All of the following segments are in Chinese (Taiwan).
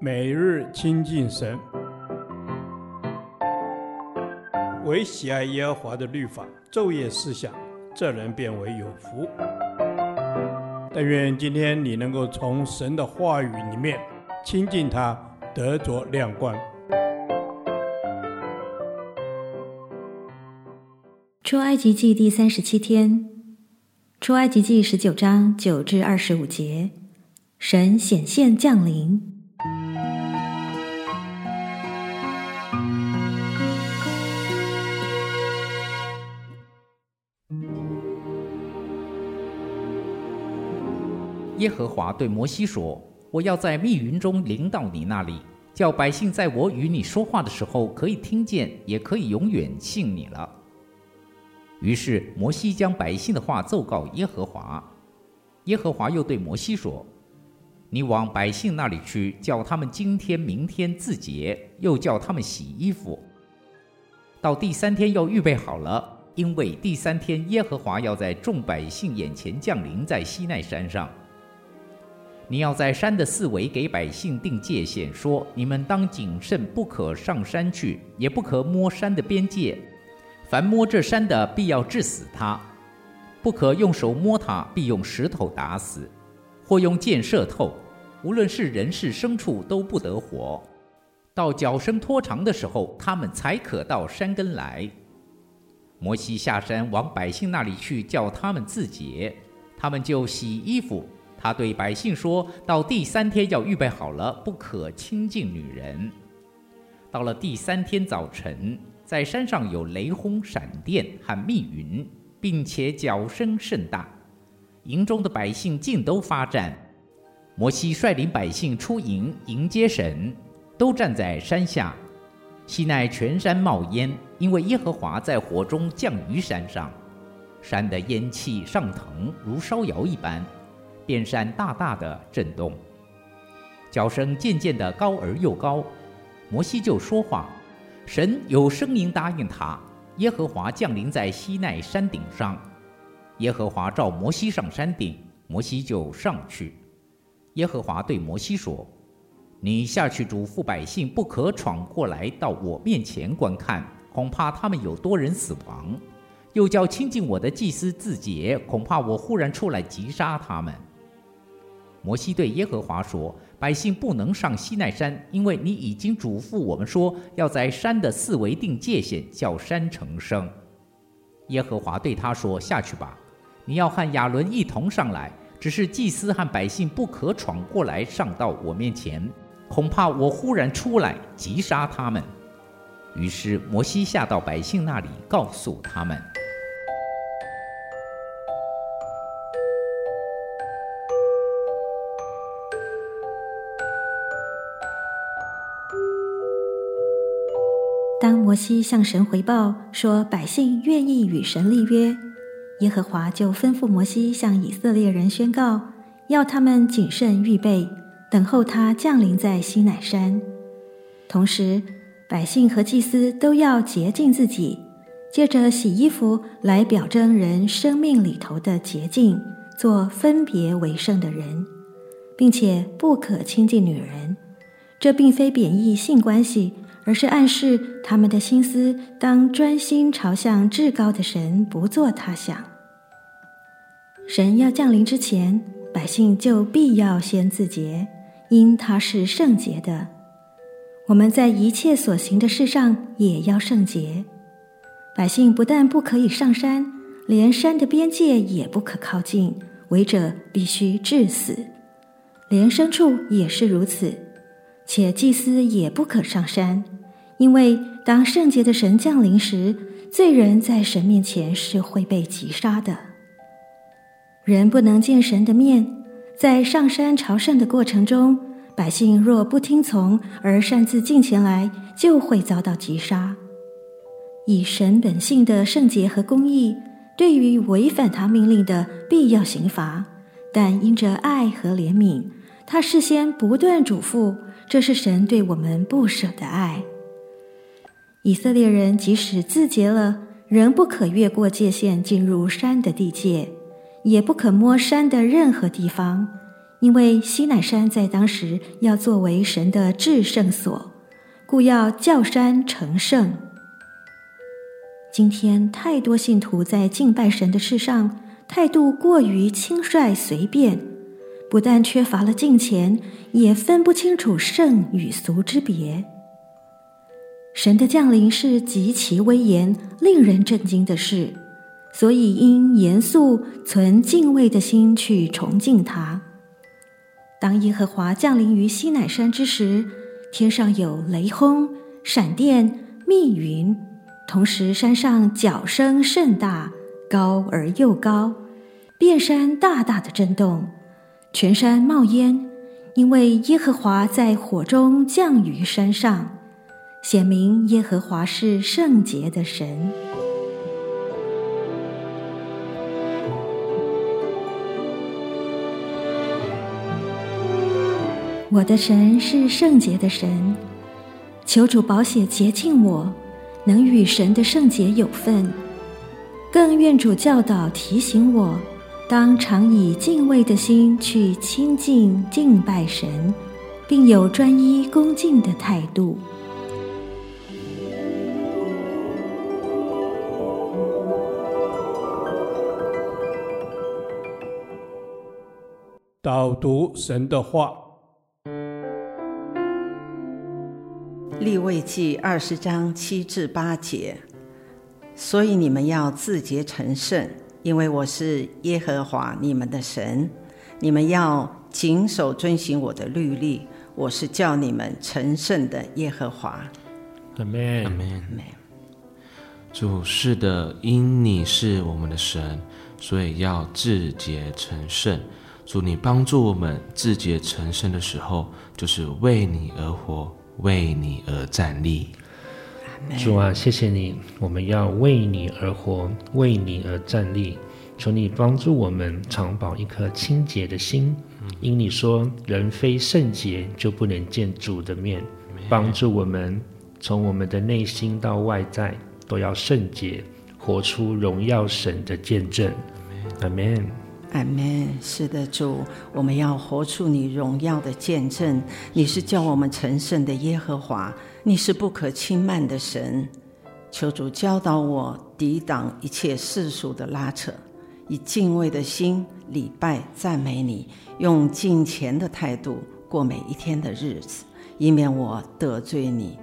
每日親近神，唯喜愛耶和華的律法，晝夜思想，這人便為有福。但願今天你能夠從神的話語裡面親近他，得着亮光。出埃及記第三十七天，出埃及記十九章九至二十五節，神顯現降臨。耶和華對摩西說：“我要在密雲中臨到你那裡，叫百姓在我與你說話的時候可以聽見，也可以永遠信你了。”於是摩西將百姓的話奏告耶和華。耶和華又對摩西說：“你往百姓那裡去，叫他們今天、明天自潔，又叫他們洗衣服。到第三天要預備好了，因為第三天耶和華要在眾百姓眼前降臨在西奈山上。”你要在山的四圍給百姓定界限，說：你們當謹慎，不可上山去，也不可摸山的邊界。凡摸這山的，必要治死他；不可用手摸他，必用石頭打死，或用箭射透。無論是人是牲畜，都不得活。到角聲拖長的時候，他們才可到山根來。摩西下山往百姓那裡去，叫他們自潔，他們就洗衣服。他對百姓說：“到第三天要預備好了，不可親近女人。”到了第三天早晨，在山上有雷轟、閃電和密雲，並且角聲甚大。營中的百姓盡都發戰。摩西率領百姓出營迎接神，都站在山下。西奈全山冒煙，因為耶和華在火中降於山上，山的煙氣上騰如燒窯一般。遍山大大的震動，角聲漸漸的高而又高，摩西就說話，神有聲音答應他。耶和華降臨在西奈山頂上，耶和華召摩西上山頂，摩西就上去。耶和華對摩西說：“你下去囑咐百姓，不可闖過來到我面前觀看，恐怕他們有多人死亡。又叫親近我的祭司自潔，恐怕我忽然出來擊殺他們。”摩西對耶和華說：“百姓不能上西奈山，因為你已經囑咐我們說，要在山的四圍定界限，叫山成聖。”耶和華對他說：“下去吧，你要和亞倫一同上來，只是祭司和百姓不可闖過來上到我面前，恐怕我忽然出來擊殺他們。”於是摩西下到百姓那裡，告訴他們。摩西向神回報說：“百姓願意與神立約。”耶和華就吩咐摩西向以色列人宣告，要他們謹慎預備，等候他降臨在西乃山。同時，百姓和祭司都要潔淨自己，借着洗衣服來表徵人生命裡頭的潔淨，做分別為聖的人，並且不可親近女人。這並非貶義性關係。而是暗示他們的心思當專心朝向至高的神，不做他想。神要降臨之前，百姓就必要先自潔，因他是聖潔的。我們在一切所行的事上也要聖潔。百姓不但不可以上山，連山的邊界也不可靠近，違者必須治死。連牲畜也是如此，且祭司也不可上山。因為當聖潔的神降臨時，罪人在神面前是會被擊殺的。人不能見神的面，在上山朝聖的過程中，百姓若不聽從而擅自進前來，就會遭到擊殺。以神本性的聖潔和公義，對於違反他命令的必要刑罰，但因着愛和憐憫，他事先不斷囑咐，這是神對我們不捨的愛。以色列人即使自潔了，仍不可越過界限進入山的地界，也不可摸山的任何地方，因為西奈山在當時要作為神的至聖所，故要叫山成聖。今天太多信徒在敬拜神的事上態度過於輕率隨便，不但缺乏了敬虔，也分不清楚聖與俗之別。神的降臨是極其威嚴、令人震驚的事，所以應嚴肅、存敬畏的心去崇敬他。當耶和華降臨於西乃山之時，天上有雷轟、閃電、密雲，同時山上角聲甚大，高而又高，遍山大大的震動，全山冒煙，因為耶和華在火中降於山上。顯明耶和華是聖潔的神，我的神是聖潔的神。求主寶血潔淨我，能與神的聖潔有份。更願主教導提醒我，當常以敬畏的心去親近敬拜神，並有專一恭敬的態度。導讀神的話，利未記二十章七至八節，所以你們要自潔成聖，因為我是耶和華你們的神，你們要謹守遵行我的律例，我是叫你們成聖的耶和華。Amen，Amen，Amen。主是的，因你是我們的神，所以要自潔成聖。主，你幫助我們自覺成聖的時候，就是為你而活，為你而站立。Amen 主啊，謝謝你，我們要為你而活，為你而站立。求你幫助我們常保一顆清潔的心，因你說人非聖潔就不能見主的面。Amen 幫助我們從我們的內心到外在都要聖潔，活出榮耀神的見證。Amen 阿門，Amen, 是的，主，我們要活出你榮耀的見證。你是叫我們成聖的耶和華，你是不可輕慢的神。求主教導我抵擋一切世俗的拉扯，以敬畏的心禮拜讚美你，用敬虔的態度過每一天的日子，以免我得罪你。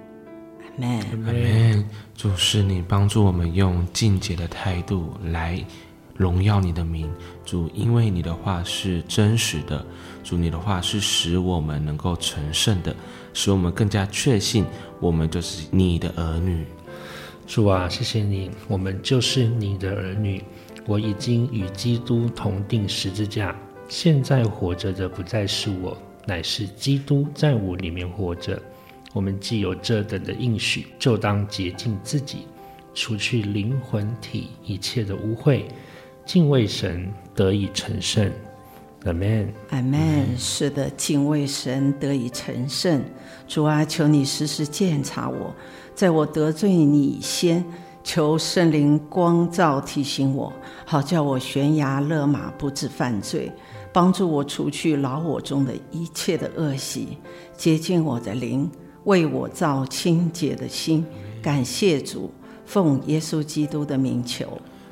阿門。阿門。主是你幫助我們用敬虔的態度來。榮耀你的名，主，因為你的話是真實的，主，你的話是使我們能夠成聖的，使我們更加確信我們就是你的兒女。主啊，謝謝你，我們就是你的兒女。我已經與基督同釘十字架，現在活着的不再是我，乃是基督在我裡面活着。我們既有這等的應許，就當潔淨自己，除去靈魂體一切的污穢。敬畏神得以成聖，Amen。Amen。是的，敬畏神得以成聖。主啊，求你時時鑒察我，在我得罪你先，求聖靈光照提醒我，好叫我懸崖勒馬，不致犯罪，幫助我除去老我中的一切的惡習，潔淨我的靈，為我造清潔的心。Amen。感謝主，奉耶穌基督的名求。